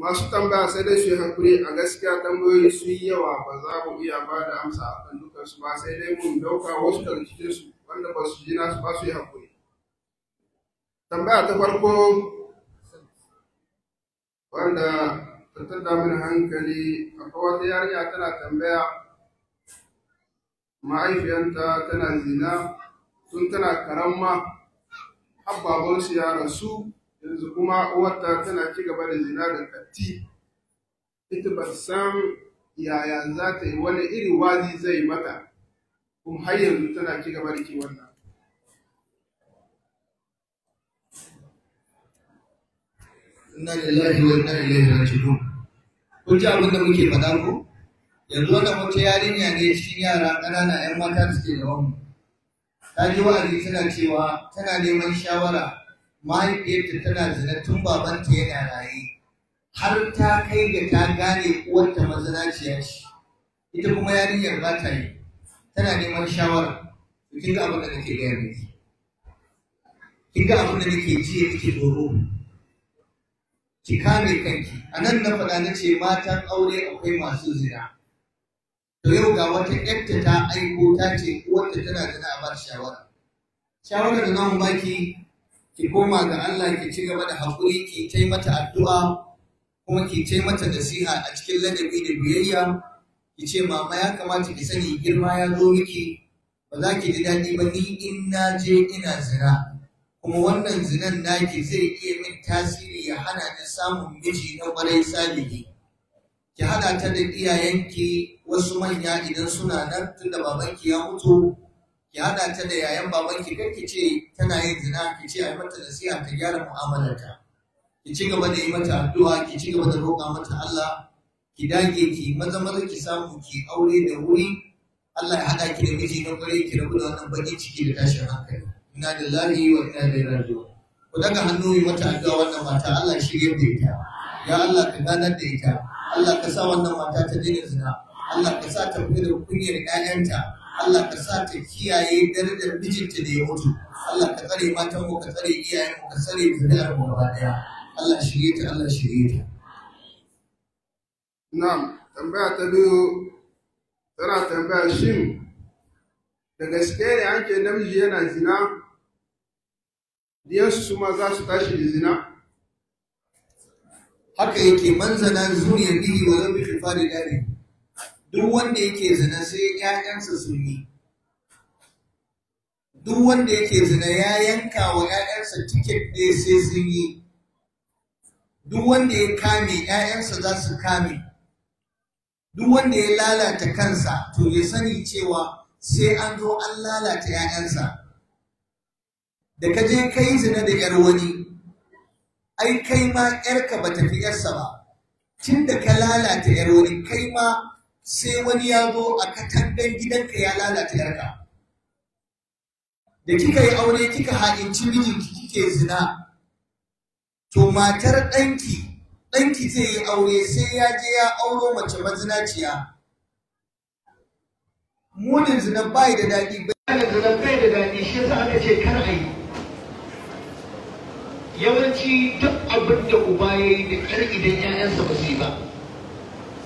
masu tambaya sai dai su yi hankuri a gaskiya tambayoyi su yi yawa ba za mu iya ba da amsa a kan dukansu ba sai dai mun dauka wasu daga cikinsu wanda ba su ji nasu ba su yi hankuri tambaya ta farko wanda ta tada mini hankali akwai wata yarinya tana tambaya ma'aifiyanta tana zina tun tana karamma ababansu ya rasu yanzu kuma uwarta tana ci gaba da zina da katti ita ba san yaya za ta yi wani iri wazi zai mata kuma har yanzu tana ci gaba da kiwon nan inna lillahi wa inna ilaihi raji'un kun ji abin da muke faɗa ku? yanzu wannan wata yarinya ne cikin yara ƙanana 'yan mata suke da wani ta ji wa'azi tana cewa tana neman shawara mahaifiyarta tana zina tun babanta yana raye har ta kai ga ta gane uwarta mazinaciya ce ita kuma yarinyar ba ta yi tana neman shawara kin ga abin da nake gaya miki kin ga abin da nake ji nake tsoro ki kame kanki a nan na faɗa na ce matan aure akwai masu zina to yau ga wata ƴarta ta aiko ta ce uwarta tana zina a bar shawara shawara da nan baki ki koma ga Allah ki ci gaba da haƙuri ki tai mata addu'a kuma ki tai mata nasiha a cikin ladabi da biyayya ki ce mama ya kamata ki sani girma ya zo miki ba za ki ji daɗi ba ni in na je ina zina kuma wannan zinan naki zai iya min tasiri ya hana ni samun miji na ƙwarai salihi ki haɗa ta da iyayenki wasu manya idan suna nan tunda babanki ya mutu ki haɗa ta da yayan babanki kar ki ce tana yin zina ki ce a yi mata nasiha ta gyara mu'amalarta ki ci gaba da yi mata addu'a ki ci gaba da roƙa mata Allah ki dage ki maza maza ki samu ki aure da wuri Allah ya hada ki da miji na kwarai ki rabu da wannan baƙin ciki da tashin hankali ina da lahi wa ina da rajo ku daga hannu yi mata addu'a wannan mata Allah ya shirye da ita ya Allah ka ganar da ita Allah ka sa wannan mata ta daina zina Allah ka sa ta fita da kunyar 'ya'yanta Allah ka sa ta kiyaye darajar mijinta da ya mutu Allah ka tsare matan ko ka tsare iyayen ko ka tsare zuriyar mu gaba daya Allah shirye ta Allah shirye ta na'am tambaya ta biyu tana tambaya shin da gaske ne an ce namiji yana zina diyansu su ma za su tashi da zina haka yake manzanan zuriyar bihi wa zan bi da dare duk wanda yake zina sai ƴaƴansa sun yi duk wanda yake zina ya yanka wa ‘ya'yansa tiket ne sai sun yi duk wanda ya kame ‘ya'yansa za su kame duk wanda ya lalata kansa to ya sani cewa sai an zo an lalata ‘ya'yansa da ka je ka yi zina da ƴar wani ai kai ma ‘yarka ba ta fi ‘yarsa ba tun da ka lalata ƴar wani kai ma sai wani ya zo a katangan gidanka ya lalata yarka da kika yi aure kika haɗinci mijinki kike zina to matar ɗanki ɗanki zai yi aure sai ya je ya auro mace mazinaciya munin zina bai da daɗi bayanin zina bai da daɗi shi yasa aka ce kar a yi yawanci duk abin da uba ya yi da idan 'ya'yansa ba su yi ba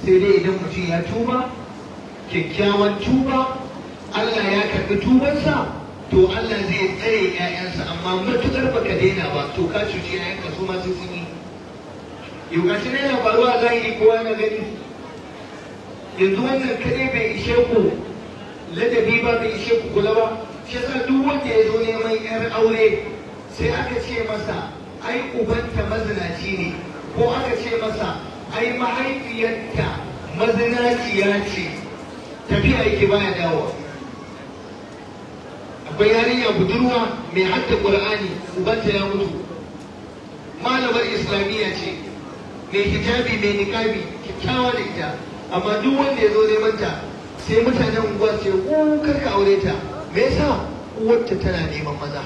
sai dai idan mutum ya tuba kyakkyawan tuba Allah ya karɓi tubansa to Allah zai tsare 'ya'yansa amma matuƙar baka daina ba to ka cuci 'ya'yanka su masu sun yi ne na faruwa a zahiri kowa na gani yanzu wannan kaɗai bai ishe ku ladabi ba bai ishe ku kula ba shi yasa duk wanda ya zo neman 'yar aure sai aka ce masa ai ubanta mazinaci ne ko aka ce masa ai mahaifiyarta mazinaciya ce tafiya aiki baya dawo. akwai yarinya budurwa mai hatta ƙur'ani ubanta ya mutu malamar islamiyya ce mai hijabi mai nikabi kyakkyawa da ita amma duk wanda ya zo neman ta sai mutanen unguwa ce kar ka aure ta me yasa uwarta tana neman maza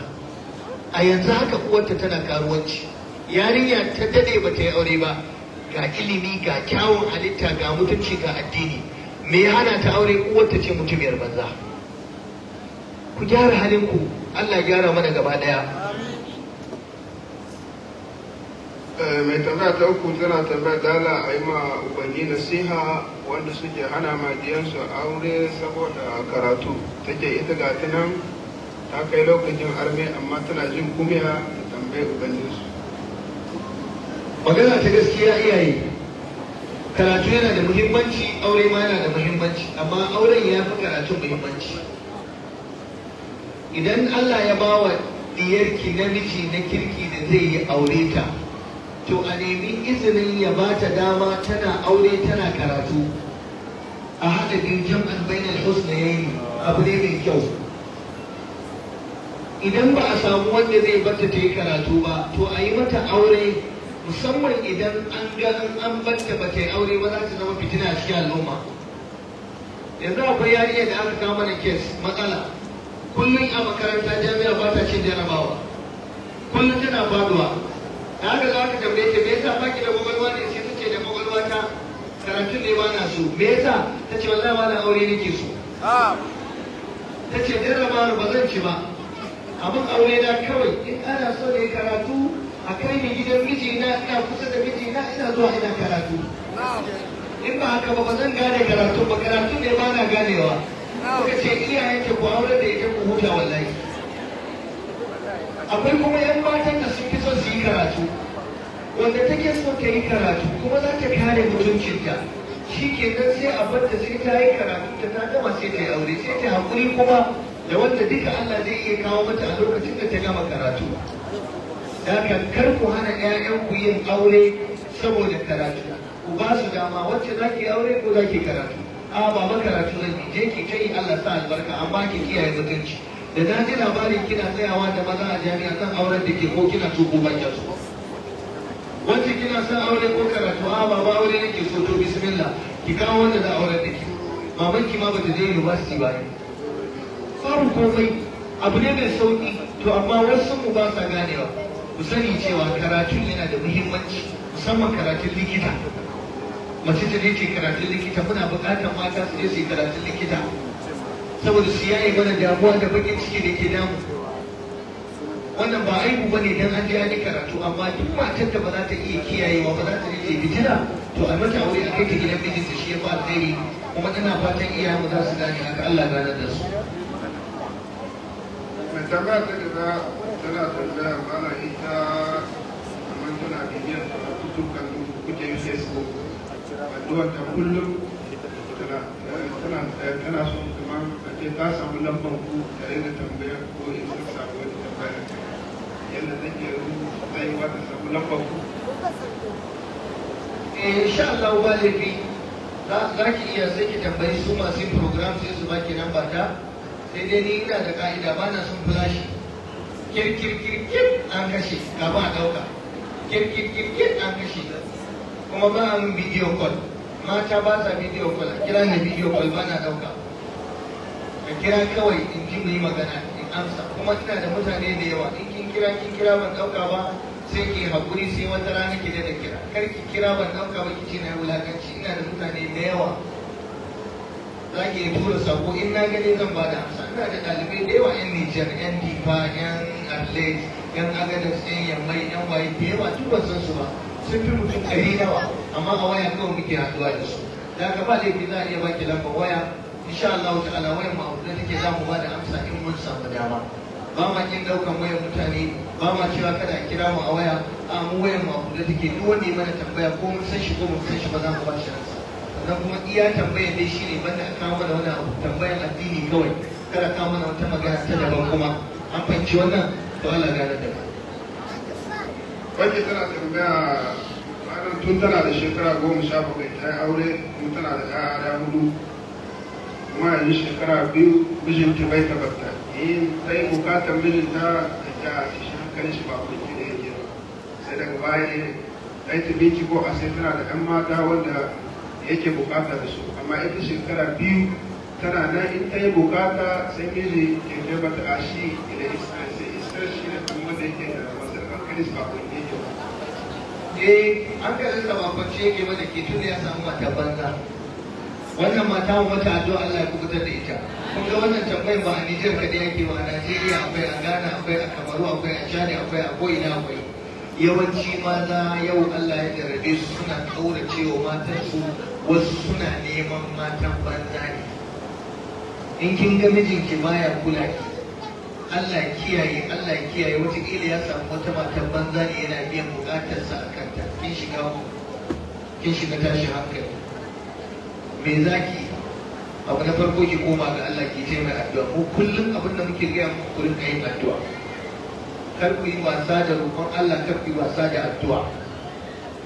a yanzu haka uwarta tana karuwanci yarinya ta dade bata yi aure ba ga ilimi ga kyawun halitta ga mutunci ga addini me ya hana ta aure uwarta ce mutumiyar banza ku gyara halinku Allah gyara mana gaba daya eh, mai tambaya ta uku tana tambaya dala a yi ma ubangi nasiha wanda suke hana majiyarsu aure saboda karatu take ita ga ta ta kai lokacin armi amma tana jin kumiya ta tambaye su. magana ta gaskiya iyaye karatu yana da muhimmanci aure ma yana da muhimmanci amma auren ya fi karatu muhimmanci idan Allah ya ba wa diyarki namiji na kirki da zai yi aure ta to a nemi izinin ya ba ta dama tana aure tana karatu a haɗa biyu hos na yayi abu ne mai kyau idan ba a samu wanda zai bata ta yi karatu ba to a yi mata aure musamman idan an ga an banta ba ta aure ba za ta zama fitina a cikin al'umma yanzu akwai yarinya da aka kawo mana kes matsala kullum a makaranta jami'a ba ta cin jarabawa kullum tana faduwa da haka za ka tambaye ta me yasa baki da kwakwalwa ne sai ta ce da kwakwalwa ta karatun ne ba na so me yasa ta ce wallahi ba na aure nake so ah. ta ce jarabawar ba zan ci ba abin aure na kawai in ana so ne karatu akwai mai gidan mijina ina kusa da mijina ina zuwa ina karatu in ba haka ba ba zan gane karatu ba karatu ne ba na ganewa kuka ce iyayen ku aure da ita ku huta wallahi akwai kuma yan matan da sun fi son su yi karatu wanda take so ta yi karatu kuma za ta kare mutuncinta shi ke nan sai a bar sai ta yi karatu ta ta gama sai ta yi aure sai ta haƙuri kuma da wanda duka Allah zai iya kawo mata a lokacin da ta gama karatu daga kar ku hana ku yin aure saboda karatu ku ba su dama wacce za ki aure ko za ki karatu a ba makaratu zan ki je ki kai Allah sa albarka amma ki kiyaye mutunci da na ji labarin kina tsayawa da maza a jami'a kan auren da ke ko kina tuku ko ban ba. wacce kina son aure ko karatu a ba ba aure nake so to bismillah ki kawo wanda za auren da ke maman ki ma ta je university ba ne. babu komai abu ne mai sauki to amma wasu mu ba sa ganewa ku sani cewa karatun yana da muhimmanci musamman karatun likita mace ta ne ce karatun likita muna buƙatar mata su je su karatun likita saboda su yaye mana damuwa da bakin ciki da ke damu wannan ba aibu ba ne don an je an karatu amma duk matar da ba za ta iya kiyayewa ba za ta je fitina to a mata wuri a kai ta gidan mijinta shi ya fi alheri kuma tana fatan iyayenmu za su gane haka Allah gane da su. Mai tambaya ta tana tambaya mana ita kamar tana bibiyar karatutukan kuke yi facebook addu'a ta kullum tana son kamar a ce ta samu lambar ku tare da tambaya ko in sun samu wani tambaya yadda zan iya rubuta ta samu lambar ku eh, insha Allah walibi za ki iya sai ki tambayi su masu program sai su baki nan ba ta sai dai ni ina da ka'ida ba na son flashi kirkirkirkir an kashe gaba a ɗauka kirkirkirkir an kashe kuma ba an bidiyo call mata ba sa bidiyo call a kira ni bidiyo call ba na ɗauka ka kira kawai in ji mu yi magana in amsa kuma ina da mutane da yawa in kin kira kin kira ban ɗauka ba sai ki haƙuri sai wata rana ki da kira kar ki kira ban ɗauka ba ki ce na wulakanci ina da mutane da yawa za ki tura sako in na gani zan ba da amsa ina da ɗalibai da yawa 'yan Nijar 'yan Difa 'yan kalle yan agadas ya mai yan waye da yawa duk ba san su ba sun fi mutum ɗari yawa amma a waya kawai muke haɗuwa da su da ka ba laifi za a iya baki lamba waya insha Allah ala wayar mu abu da take za mu ba da amsa in mun samu dama ba ma kin daukan waya mutane ba ma cewa kada a kira mu a waya a mu wayar mu abu da take duk wanda ya mana tambaya ko mun san shi ko mun san shi ba za mu ba shi amsa sannan kuma iya tambayar dai shine banda a kawo mana wani abu tambayar addini kawai kada kawo mana wata magana ta daban kuma an fahimci wannan to Allah gane da ba wacce tana tambaya tun tana da shekara goma sha bakwai ta aure tun tana da ƙara hudu kuma yanzu shekara biyu mijinta bai tabbata in eh, ta yi bukatar mijinta da ta a shi babu kwanci da yake ba sai daga baya ne ta yi ko a sai tana da 'yan mata wanda yake bukata da su amma ita shekara biyu tana nan in ta yi bukata sai ne ke ne mata a shi da isa sai shi ne kuma da yake da wasu hankali ba kun yi yau eh hankalin sa ba kwance yake mana ke tun ya samu mata banza wannan mata mata addu'a Allah ya kubutar da ita kun ga wannan tambayar ba a ka da yake ba a Najeriya akwai a Ghana akwai a Kamaru akwai a Chad akwai a ko'ina akwai yawanci maza yau Allah ya jarabe su suna kaurace wa matansu wasu suna neman matan banza ne in kin ga mijinki baya kula ki Allah kiyaye Allah kiyaye wataƙila ya samu wata matar banza ne yana biyan sa a kanta kin shiga kin shiga tashi hankali me za ki abu na farko ki koma ga Allah ki ce mai addu'a ko kullum abin da muke gaya mu kullum kai yin addu'a kar ku yi wasa da roƙon Allah kar ku yi wasa da addu'a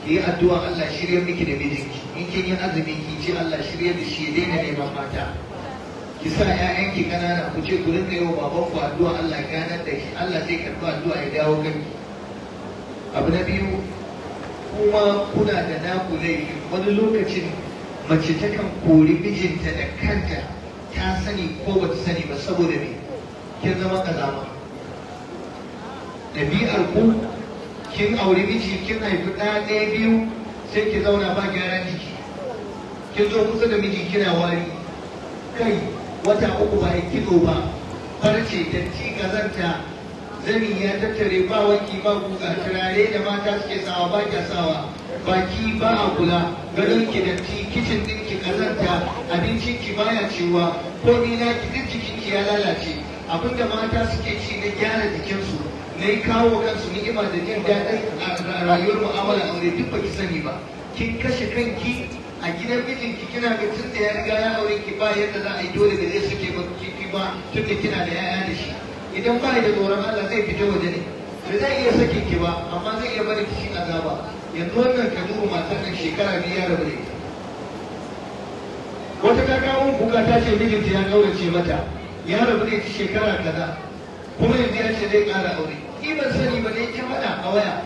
ki yi addu'a Allah shirya miki da mijinki in kin yi azumi ki ce Allah shirya da shi daina neman mata ki sa ƴaƴanki ƙanana ku ce ku rinka yi wa babanku addu'a Allah ya ganar da shi Allah zai karɓi addu'a ya dawo kanki abu na biyu kuma kuna da naku laifi wani lokacin mace takan kori mijinta da kanta ta sani ko bata sani ba saboda me kin zama kazama ɗabi'ar ku kin aure miji kin haifi ɗaya ɗaya biyu sai ki zauna ba gyaran jiki kin zo kusa da miji kina wari kai wata uku ba ya kido ba farce datti gazanta zani ya tattare ba wanki ba guga turare da mata suke sawa ba ta sawa baki ba a kula garin ki datti kicin din ki kazanta abincin ki baya ciwa ko ni na ki duk ki ya lalace Abin da mata suke ci na gyara jikinsu na yi kawo kansu ni'ima da jin daɗin rayuwar mu'amala aure duk ba ki sani ba kin kashe kanki a gidan mijinki kina ga tun da ya riga ya aure ki ba yadda za a yi dole da zai sake ki ba tun da kina da ya'ya da shi idan ba da tsoron Allah zai fita waje ne ba zai iya sake ki ba amma zai iya bari ki cikin azaba yanzu wannan ka duba matar nan shekara biyu ya rabu da wata ta kawo bukata ce mijinta ya kaurace mata ya rabu kaza kuma ce zai ƙara aure ki ban sani ba ne ki faɗa a waya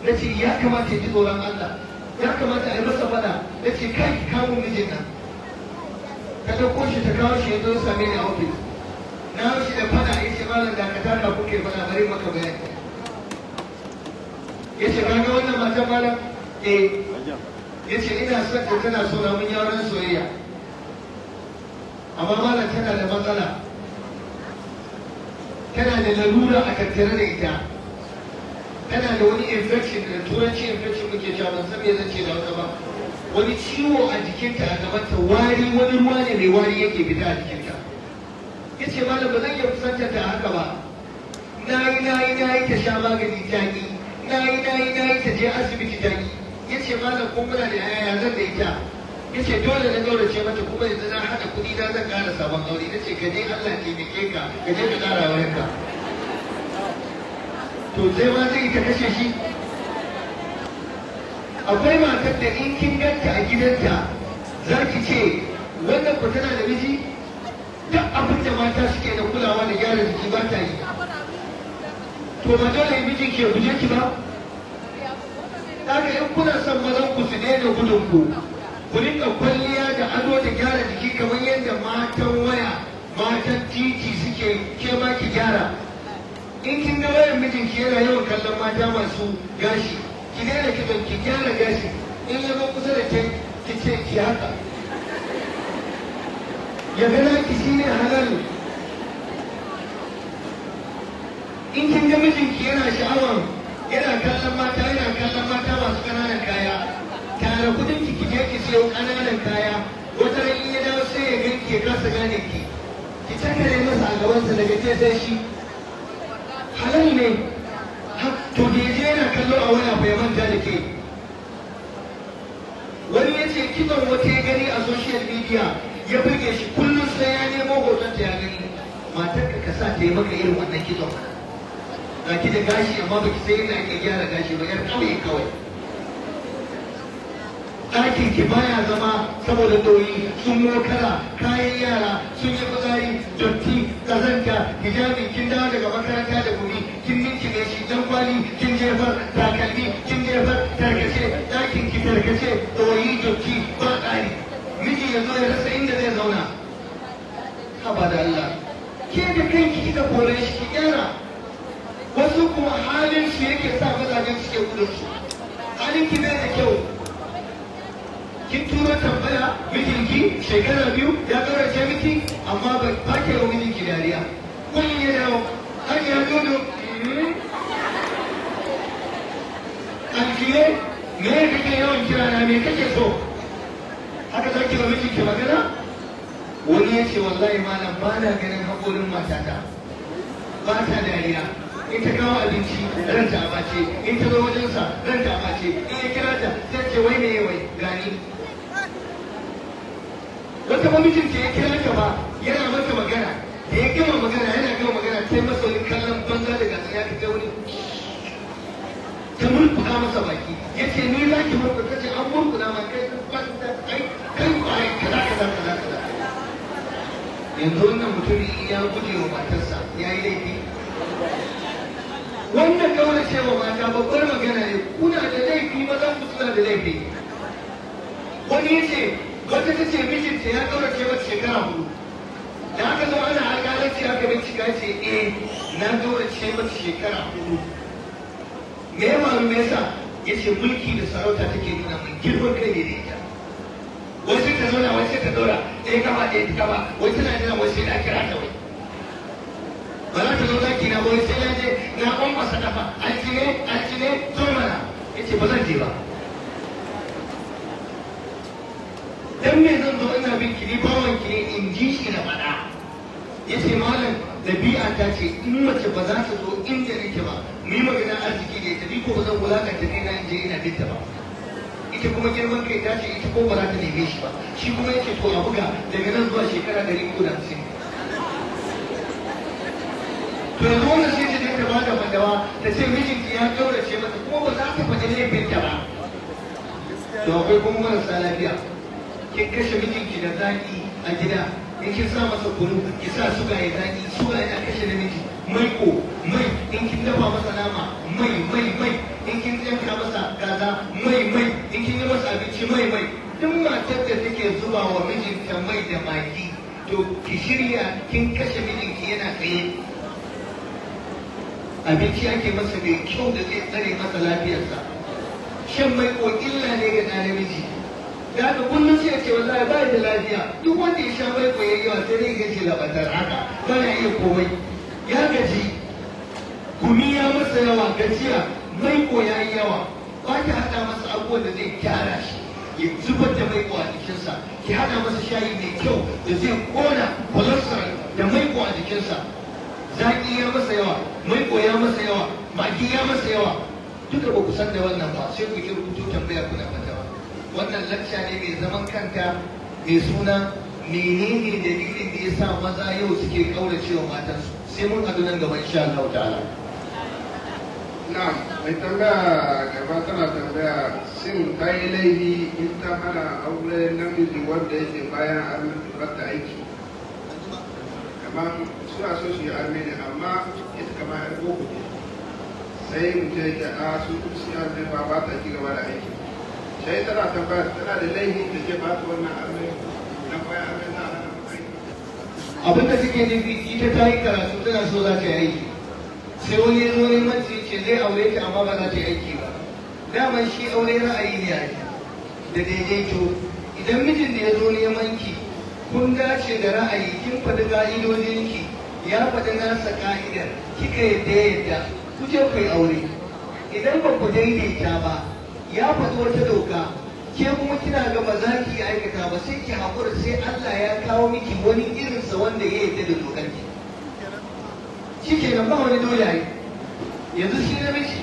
na ce ya kamata ki tsoron Allah ya kamata a yi masa faɗa ya ce kai ki kawo mijina ta ɗauko shi ta kawo shi ya zo same ni a ofis na hau shi da faɗa ya ce malam da ka tara kuke faɗa bari maka bayani ya ce ka ga wannan matan malam eh ya ce ina son ta tana so na mun yawon soyayya amma malam tana da matsala tana da lalura a tattare da ita kana da wani infection da turanci infection muke cewa ban san me zan ce da wata ba wani ciwo a jikinta a gabanta wari wani ruwa ne mai wari yake fita a jikinta ya ce malam ba zan iya kusanta ta haka ba na yi na yi na ta sha magani ta yi na yi na yi na ta je asibiti ta yi ya ce malam ko muna da yaya zan da ita ya ce dole na gaurace mata kuma yanzu na hada kuɗi na zan ƙara sabon aure na ce ka je Allah taimake ka ka je ka ƙara ka. to sai ma zai ta kashe shi akwai matar da in kin ganta a gidanta za ki ce wannan ku tana da miji duk abin da mata suke da kulawa da gyara jiki ba ta yi to ba dole miji ke guje ki ba daga in kuna son mazan ku su daina gudun ku ku rinka kwalliya da ado da gyara jiki kamar yadda matan waya matan titi suke ke ma ki gyara in kin ga mijin mijinki yana yawan kallon mata masu gashi ki daina kiɗan ki gyara gashi in ya zo kusa da ke ki ce ki haka ya ga naki shi ne halal in kin ga mijinki yana sha'awar yana kallon mata yana kallon mata masu ƙananan kaya tare kudin ki je ki siyo ƙananan kaya wata ran in ya dawo sai ya ganki ya kasa gane ki ki tattare masa a gabansa daga ce sai shi halal ne to da yana kallo a wani abu ya manta da ke wani ya ce kitan wata ya gani a social media ya buge shi kullum sai ya nemo hoton ta ya gani matar ka kasa ta yi maka irin wannan kitan ga ki da gashi amma ba ki sai yana ke gyara gashi ba yar kawai kawai ɗakin ki baya zama saboda doyi sun mokara kayan yara sun yi fitsari dotti ƙazanta hijabin kin dawo daga makaranta da gumi kin mincine shi dan kwali kin jefar takalmi kin jefar tarkace ɗakin ki tarkace doyi dotti ba ƙari miji ya zo ya rasa inda zai zauna haba da Allah ke da kanki kika kore shi ki gyara wasu kuma halin shi yake sa mazajen suke gudun su halin ki bai da kyau kin tura tambaya mijinki shekara biyu ya ce miki amma ba ba yau wa mijinki dariya kun ya dawo har ya dodo alkiye me ya yau in kira na me kake so haka zaki wa mijinki magana wani ya ce wallahi malam ba na ganin haƙorin matata ba ta dariya in ta kawo abinci ranta a ce. in ta zo wajensa ranta a ce. in ya kira ta ta ce wai ne wai gani don kama mijinta ya kira kama yana mata magana da ya gama magana yana gama magana sai masoyin kallon banza daga ya fita wani ta murkuɗa masa baki ya ce ni za ki ta ce an murkuɗa ma kai banza kai kai kwaye kaza kaza kaza kaza yanzu wannan mutum ya guje wa matarsa ya yi laifi wannan kawai cewa mata babbar magana ne kuna da laifi maza ku suna da laifi wani ya ce wata ta ce mijinta ya ɗaurace mata shekara hudu da aka zo ana alƙalanci aka bincika ce eh na ɗaurace mata shekara hudu me ya faru me yasa ya ce mulki da sarauta take nuna mai girman kai ne da ita wasu ta zauna wasu ta ɗaura ɗaya kama ɗaya ta kama wasu na jira wasu na kira ta wai ba za ta zo zaki na wani sai ya je na ƙwanƙwasa kafa an ci ne zo mana ya ce ba zan je ba dan me zan zo ina bin ki ne bawan ki ne in ji shi na faɗa yace malam dabi'a ta ce in mace ba za ta zo inda nake ba ni magana arziki ne ta bi ko ba zan ta ne in je ina binta ba ita kuma girman kai ta ce ita ko ba za ta neme shi ba shi kuma yake to a buga daga nan zuwa shekara ɗari uku da hamsin to yanzu wannan sai ta je ta bada mandawa ta ce mijinki ya kaurace mata kuma ba za ta faɗi laifinta ba to akwai kuma marasa lafiya kin kashe mijinki da zaki a gida in ki sa masa kunu ki sa suga ya zaki suga ya kashe namiji mai ko mai in kin dafa masa nama mai mai mai in kin yanka masa kaza mai mai in kin yi masa abinci mai mai duk matar da take zuba wa mijinta mai da maki to ki shirya kin kashe mijinki yana tsaye abinci ake masa mai kyau da zai tsare masa lafiyarsa shan mai ko illa ne ga namiji da haka kullum sai ce wallahi ba da lafiya duk wanda ya sha bai koyi yawa sai dai ya ce labatar haka ba na iya komai ya gaji kumi ya masa yawa gajiya mai koya yawa ba ki haɗa masa abubuwan da zai gyara shi ya zubar da mai a jikinsa ki haɗa masa shayi mai kyau da zai kona kwalasar da mai a jikinsa zaƙi ya masa yawa mai ya masa yawa magi ya masa yawa duka ba ku san da wannan ba sai ku ki rubuto tambaya kuna mata wannan lakca ne mai zaman kanta mai suna menene dalilin da ya sa maza yau suke kauracewa matansu sai mun haɗu nan gaba insha Allah ta'ala na mai tambaya gaba tana tambaya shin ta yi laifi in ta hana aure namiji wanda yake bayan an mata aiki kamar suna so su yi armenia amma ita kama yar boko ne sai mutum ya ke a ah, su kusa ba ta ci gaba da aiki sai tana tambaya tana da laifin da ke ba su wannan arme idan bayan arme za a abin da suke nufi ita ta yi karatu tana so za ta yi sai wani ya zo neman su ce zai aure amma ba za ta yi aiki ba daman shi aure ra'ayi a da daidaito idan mijin da ya zo neman ki kun dace da ra'ayi kin faɗi ya faɗi nasa ƙa'idar kika yadda yadda ku aure idan baku ku ta ba ya faɗi wata doka ke kuma kina ga ba za ki aikata ba sai ki haƙura sai Allah ya kawo miki wani irin sa wanda ya yarda da dokar ki shi ke nan ba wani dole ai yanzu shi miki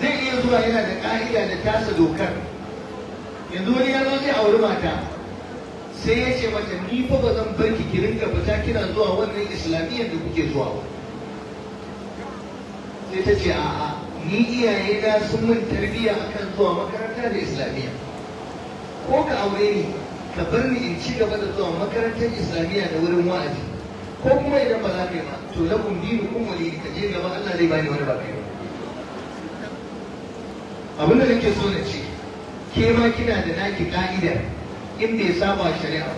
zai iya zuwa yana da ƙa'ida da tasa dokar yanzu wani ya zo zai auri mata sai ya ce mata ni fa ba zan bar ki ki rinka fita kina zuwa wannan islamiyyar da kuke zuwa ba sai ta ce a'a ni iyaye na sun min tarbiyya akan zuwa makaranta da islamiyya ko ka aure ni ka bar ni in ci gaba da zuwa makarantar islamiyya da wurin wa'azi ko kuma idan ba za ka yi ba to lakum kun wali ka je gaba Allah zai bani wani ba yi ba abinda nake so na ce ke ma kina da naki ka'ida in bai saba shari'a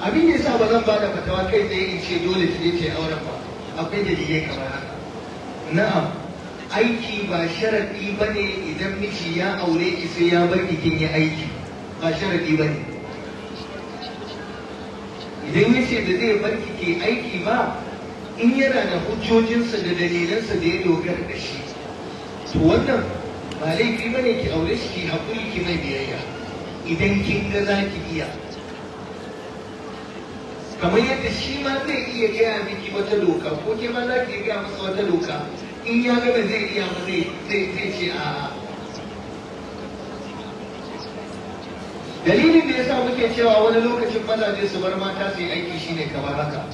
abin ya yasa ba zan ba da fatawa kai tsaye in ce dole shi ne ce auren ba akwai dalilai kamar haka na'am aiki ba sharaɗi ba ne idan miji ya aure ki sai ya bar kin yi aiki ba sharaɗi ba ne idan miji da zai bar ki ke aiki ba in yana da hujjojinsa da dalilansa da ya dogara da shi to wannan ba laifi ba ne ki aure shi ki haƙuri ki mai biyayya idan kin ga za ki iya kamar yadda shi ma zai iya gaya miki wata doka ko ke ma za ki gaya masa wata doka in ya da ya sa muke cewa wani lokacin mazaje su bar mata su yi aiki ne kamar haka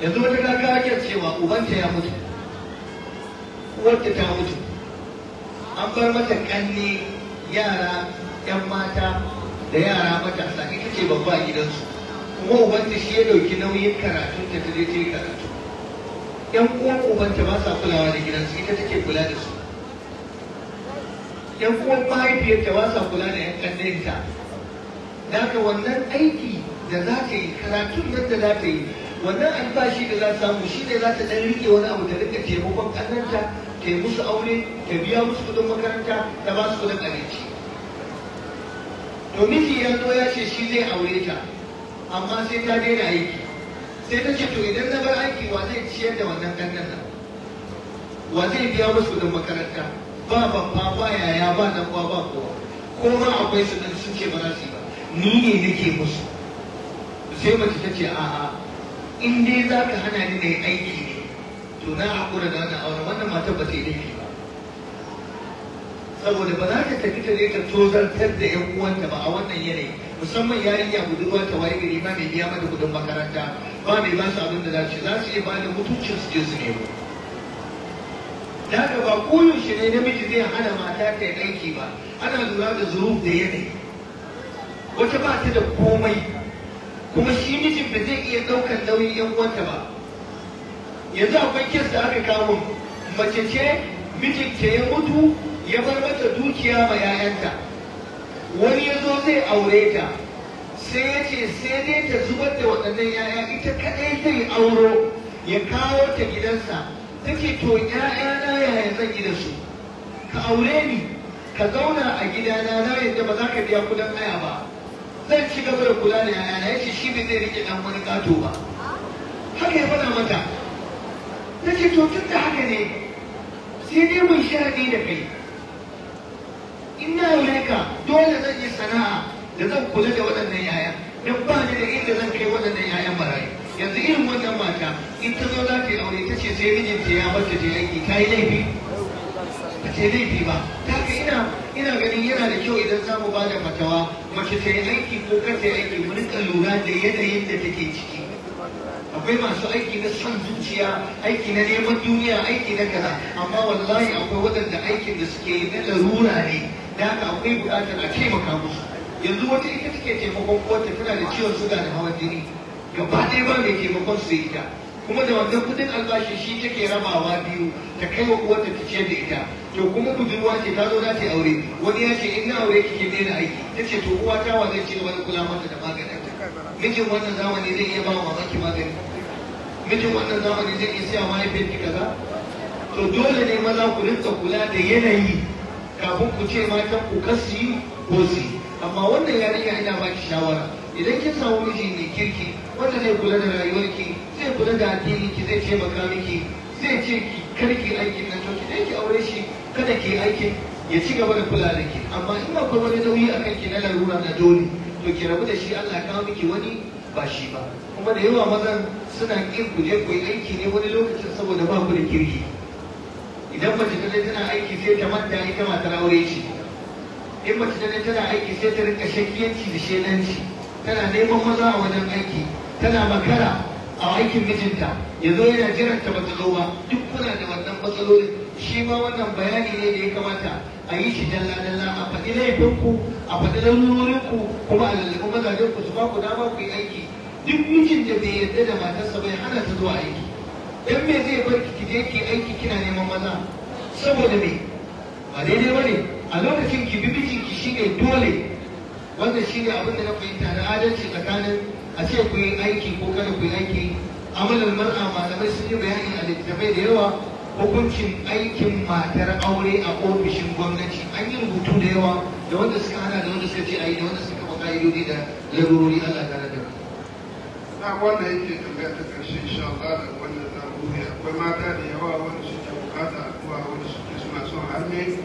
yanzu wata gaggawa ake cewa ubanta ya mutu uwarta ta mutu an bar mata kanne yara yan mata da yara matasa ita ce babba gidansu kuma ubanta shi ya dauki nauyin karatun ta ta je karatu yan uwan ubanta ba sa kulawa da gidansu ita take kula da su yan uwan mahaifiyarta ba sa kula da yan Da ka wannan aiki da za ta yi karatun yadda za ta yi wannan albashi da za samu shi ne za ta ɗan rike wani abu da rika taimakon ƙannenta ta yi musu aure ta biya musu kudin makaranta ta ba su kudin abinci to miji ya zo ya ce shi zai aure ta amma sai ta daina aiki sai ta ce to idan na bar aiki wa zai ciyar da wannan ɗan wa zai biya musu da makaranta ba babba ba yaya ba nan ba ba kowa ko ma akwai su nan sun ce ba za su yi ba ni ne nake musu sai mace ta ce a'a in dai za ka hana ni na yi aiki ne to na haƙura da wannan auren wannan matar ba sai yi laifi ba saboda ba za ta tafi ta ta tozartar da yan uwanta ba a wannan yanayi musamman ya yarinya ba ta waye gari ba mai biya mata kudin makaranta ba mai ba su abin da za su za su yi ba da mutuncin su je su nemo da ba ba koyaushe ne namiji zai hana mata ta yi aiki ba ana lura da zuruf da yanayi wata ba ta da komai kuma shi mijin ba zai iya ɗaukar nauyin yan uwanta ba yanzu akwai kes da aka kawo mace ce mijin ya mutu ya bar mata dukiya ma yayanta wani ya zo zai aure ta sai ya ce sai dai ta zubar da waɗannan yaya ita kaɗai zai auro ya kawo ta gidansa ta ce to ‘ya'yana yaya zan yi da su ka aure ni ka zauna a gidana na yadda ba za ka biya kudin haya ba zan ci gaba da kula da yayana ya ce shi bai zai rike ɗan wani gato ba haka ya faɗa mata ta ce to tun da haka ne sai dai mun sharaɗi da kai in na aure dole zan yi sana'a da zan kula da waɗannan 'ya'ya don ba ni da inda zan kai waɗannan 'ya'yan marayu yanzu irin wannan mata in ta zo za ta yi aure ta ce sai ta ya bar ta yi aiki ta yi laifi ba ta laifi ba ta ka ina ina ganin yana da kyau idan za mu ba da fatawa mace ta yi aiki ko kar ta yi aiki mu rinka lura da yanayin da take ciki akwai masu aiki na son zuciya aiki na neman duniya aiki na kaza amma wallahi akwai waɗanda aikin da suke yi na larura ne da haka akwai buƙatar a taimaka musu yanzu wata ita take taimakon kowace tana da ciwon suga da hawan jini gaba ɗaya ba mai taimakon su ita kuma da wannan kudin albashi shi take rabawa biyu ta kai wa uwarta ta ciyar da ita to kuma budurwa ce ta zo za ta aure wani ya ce in na aure kike daina aiki ta ce to uwa ta wajen zai ci gaba da kula mata da maganin mijin wannan zamani zai iya ba wa mamaki magani mijin wannan zamani zai iya siya mahaifiyarki kaza to dole ne maza ku rinka kula da yanayi kafin ku ce matan ku kasi ko si amma wannan yarinya ina baki shawara idan kin samu miji mai kirki wanda zai kula da rayuwarki zai kula da addininki zai maka miki zai ce ki karki aikin nan to ki ki aure shi kada ki aikin ya ci gaba da kula da ki amma in akwai wani nauyi akan ki na larura na dole to ki rabu da shi Allah kawo miki wani ba shi ba kuma da yawa mazan suna kin ku je ku aiki ne wani lokacin saboda ba ku da kirki idan mace ta je tana aiki sai ta manta ita matar aure ce in mace ta je tana aiki sai ta rinka shakiyanci da shenanci tana neman maza a wajen aiki tana makara a aikin mijinta ya zo yana jiran ta bata zo duk kuna da wannan matsalolin shi ma wannan bayani ne da ya kamata a yi shi dalla dalla a faɗi laifinku a faɗi lalurorinku kuma a lallaɓi mazajen ku su ba ku dama ku yi aiki duk mijin da bai yarda da matarsa bai hana ta zuwa aiki dan me zai bar ki je ki aiki kina neman maza saboda me ba daidai bane a lokacin ki bi miji ki shine dole wanda shine abin da na fahimta na adalci tsakanin a ce ku yi aiki ko kada ku yi aiki amalan mar'a malamai sun yi bayani a littattafai da yawa hukuncin aikin matar aure a ofishin gwamnati an yi rubutu da yawa da wanda suka hana da wanda suka ce a yi da wanda suka kafa ka'idodi da larurori Allah da. Na wanda yake tambaya ta ƙarshe insha Allah ne akwai mata da yawa wanda suke bukata abuwa wanda suke suna son harne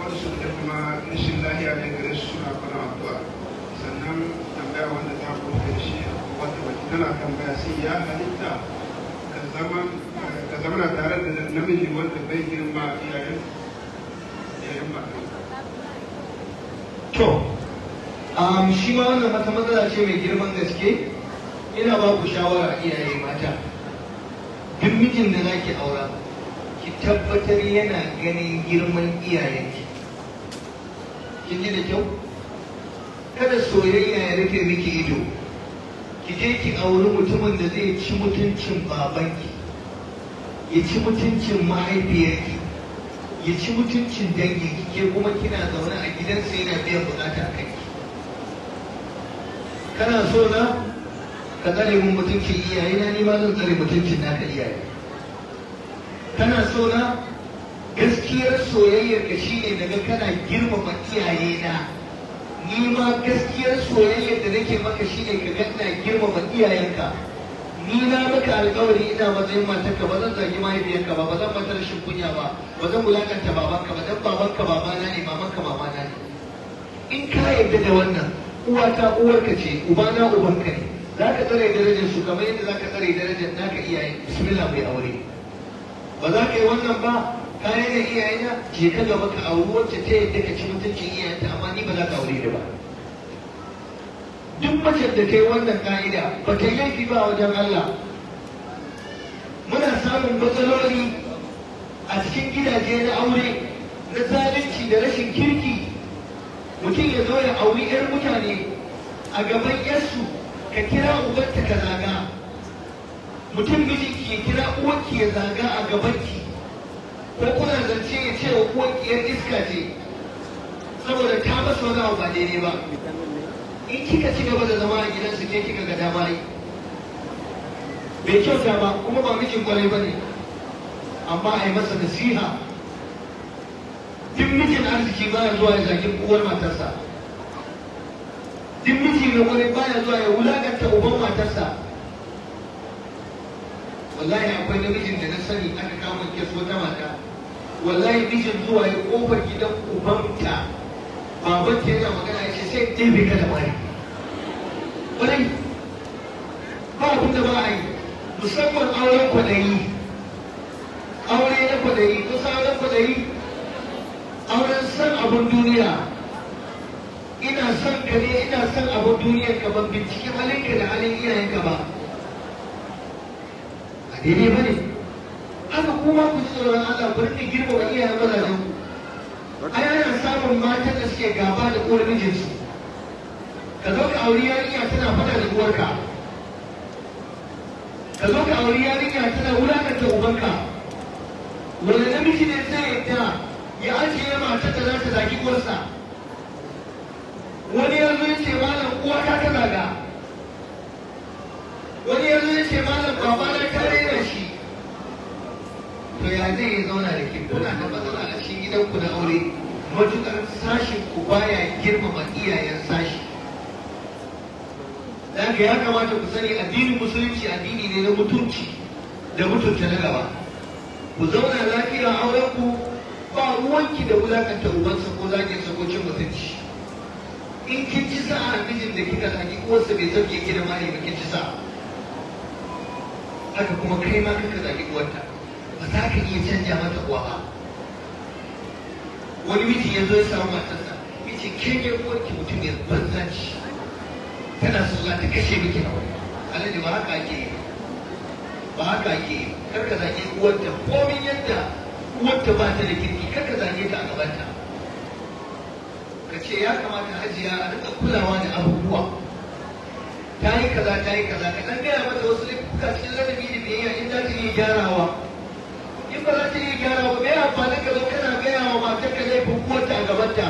wanda suke kuma rashin lahiya ne gare su suna kwana abuwa sannan tambaya wanda ta kuma shi wanda baki tana tambaya sai ya halitta ka zama tare da namiji wanda bai girma iyayen iyayen matan to um, shi ma wannan wata matsala ce mai girman gaske ina ba ku shawara iyaye mata duk mijin da za ki aura ki tabbatar yana ganin girman iyayenki kin ji da kyau kada soyayya ya rufe miki ido ki je ki auri mutumin da zai ci mutuncin babanki ya ci mutuncin mahaifiyarki ya ci mutuncin dangi ke kuma kina zaune a gidansa yana biyan bukata a kanki kana so na ka tsare mun mutuncin iyaye na ni ma zan tsare mutuncin naka iyaye kana so na gaskiyar soyayyar ka shine daga kana girmama iyaye na ni ma gaskiyar soyayyar da nake maka shine ka ga ina girmama iyayenka ni na maka alƙawari ina ba mata matarka ba zan zagi mahaifiyarka ba ba zan mata rashin kunya ba ba zan wulakanta babanka ba dan babanka na ne mamanka na ne in ka yarda da wannan uwata uwarka ce ubana ubanka ne za ka tsare darajar su kamar yadda za ka tsare darajar naka iyayen bismillah mai aure ba za ka yi wannan ba kayan da iyayena je ka gaba ka auri ta yadda ka ci mutuncin ta amma ni ba za ka aure da ba duk macen da ta yi wannan ka'ida ba ta yi laifi ba wajen Allah muna samun matsaloli a cikin gidaje na aure na zalunci da rashin kirki mutum ya zo ya auri 'yar mutane a gaban 'yarsu ka kira uwarka ka zaga mutum mijinki ya kira uwarki ya zaga a gabanki ko kuna zance ya ce wa uwarki yan iska ce saboda ta masa wani abu ba daidai ba in kika ci gaba da zama a gidansu ke kika ga dama yi bai kyauta ba kuma ba mijin kwarai ba ne amma a yi masa nasiha duk mijin arziki ba ya zuwa ya zagi uwar matarsa duk miji na kwarai baya zuwa ya wulakanta uban matarsa wallahi akwai namijin da na sani aka kama kes wata mata wallahi mijin zuwa ya kofar gidan ubanta baban ta yana magana ya ce sai ɗebe ka da bari bari ba abin da ba a yi musamman auren kwadayi aure na kwadayi kusa auren kwadayi auren san abin duniya ina son ka ne ina son abin duniyar ka ban binciki halinka da halin iyayenka ba a daidai ba ne haka kuma ku ji tsoron Allah ku rinka girmama iyayen mazajen ku A yana samun matan da suke gaba da uwar mijinsu ka zo ka auri yarinya tana fada da uwarka ka zo ka auri yarinya tana wulakanta ubanka wanda namiji ne zai yadda ya ajiye mata da za ta zaki uwarsa wani yanzu ya ce malam uwa ta ta zaga wani yanzu ya ce malam baba na kare da shi to ya zai zauna da ke kuna da matsala a cikin gidanku na aure matuƙar sashin ku baya girmama iyayen sashi da ya kamata ku sani addinin musulunci addini ne na mutunci da mutunta na gaba ku zauna lafiya auren ku ba ruwanki da wulakanta ubansa ko zakin sa ko cin mutunci in kin ci sa'a mijin da kika zagi uwarsa bai san yake da mari ba kin ci sa'a haka kuma kai ma kanka zagi uwarta ba za ka iya canja mata uwa ba wani miji ya zo ya samu matarsa ya ce ke ne uwarki mutum ya banza ci Kana so za ta kashe miki na wani alhaji ba haka ake yi ba haka ake yi karka ka zagi uwarta komin yadda uwarta ba ta da kirki karka ka zage ta a gabanta ka ce ya kamata hajiya a duka kulawa da abubuwa ta yi kaza ta yi kaza ka dan gaya mata wasu laifuka cikin ladabi da biyayya in za ta yi gyarawa in ba za ta iya gyarawa ya amfani ka zo kana gaya wa matar ka laifin uwarta a gabanta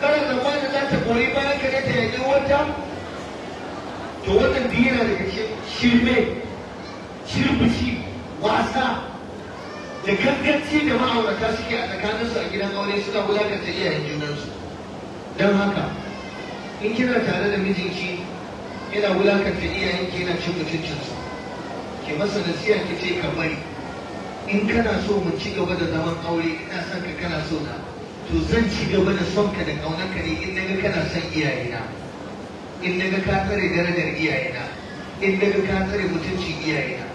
kana tsammanin za ta goyi bayan ka ne ta yaƙi wata. to wannan biyu yana daga shirme shirbushi wasa da ganganci da ma'aurata suke a tsakaninsu a gidan aure suna wulakanta iyayen junansu don haka in kina tare da mijinki yana wulakanta iyayenki yana cin mutuncinsu Ke masa nasiya ki ce ka bari in kana so mu ci gaba da zaman aure ina son ka kana so na to zan ci gaba da son ka da kaunar ka ne in naga kana son iyayena in naga ka tsare darajar iyayena in naga ka tsare mutuncin iyayena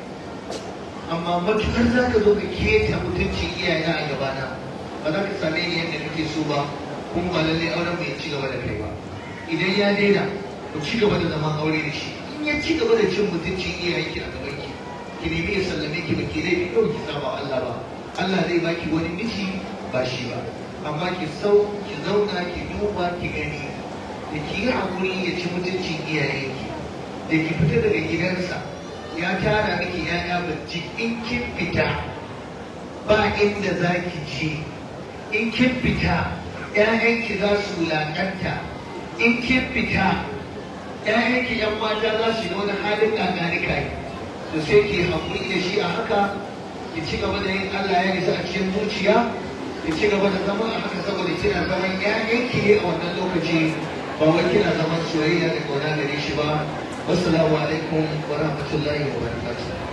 amma matukar za ka zo ka keta mutuncin iyayena a gabana ba za ka same ni yadda kake so ba kuma ba lallai auren ya ci gaba da kai ba idan ya daina ku ci gaba da zaman aure da shi in ya ci gaba da cin mutuncin iyayenki a gaban ki ki nemi ya sallame ki ba ki laifi yau ki saba Allah ba Allah zai baki wani miji ba shi ba amma ki sau ki zauna ki duba ki gani da ki yi hakuri ya ci mutuncin ki, da ki fita daga gidansa ya tara miki ya'ya ji in kin fita ba inda za ki je in kin fita 'ya'yanki za su wulaƙanta in kin fita ‘ya'yanki ‘yan mata za su yi wani halin ƙanƙanika yi to sai ke haƙuri da shi a haka ki ci gaba da yin Allah ya nisa a cikin zuciya ki ci gaba da zama a haka saboda kina zaman ‘ya'yanki ne a wannan lokaci ba wai kina zaman soyayya da gona gare shi ba wasu alaikum wa rahmatullahi wa barakatuh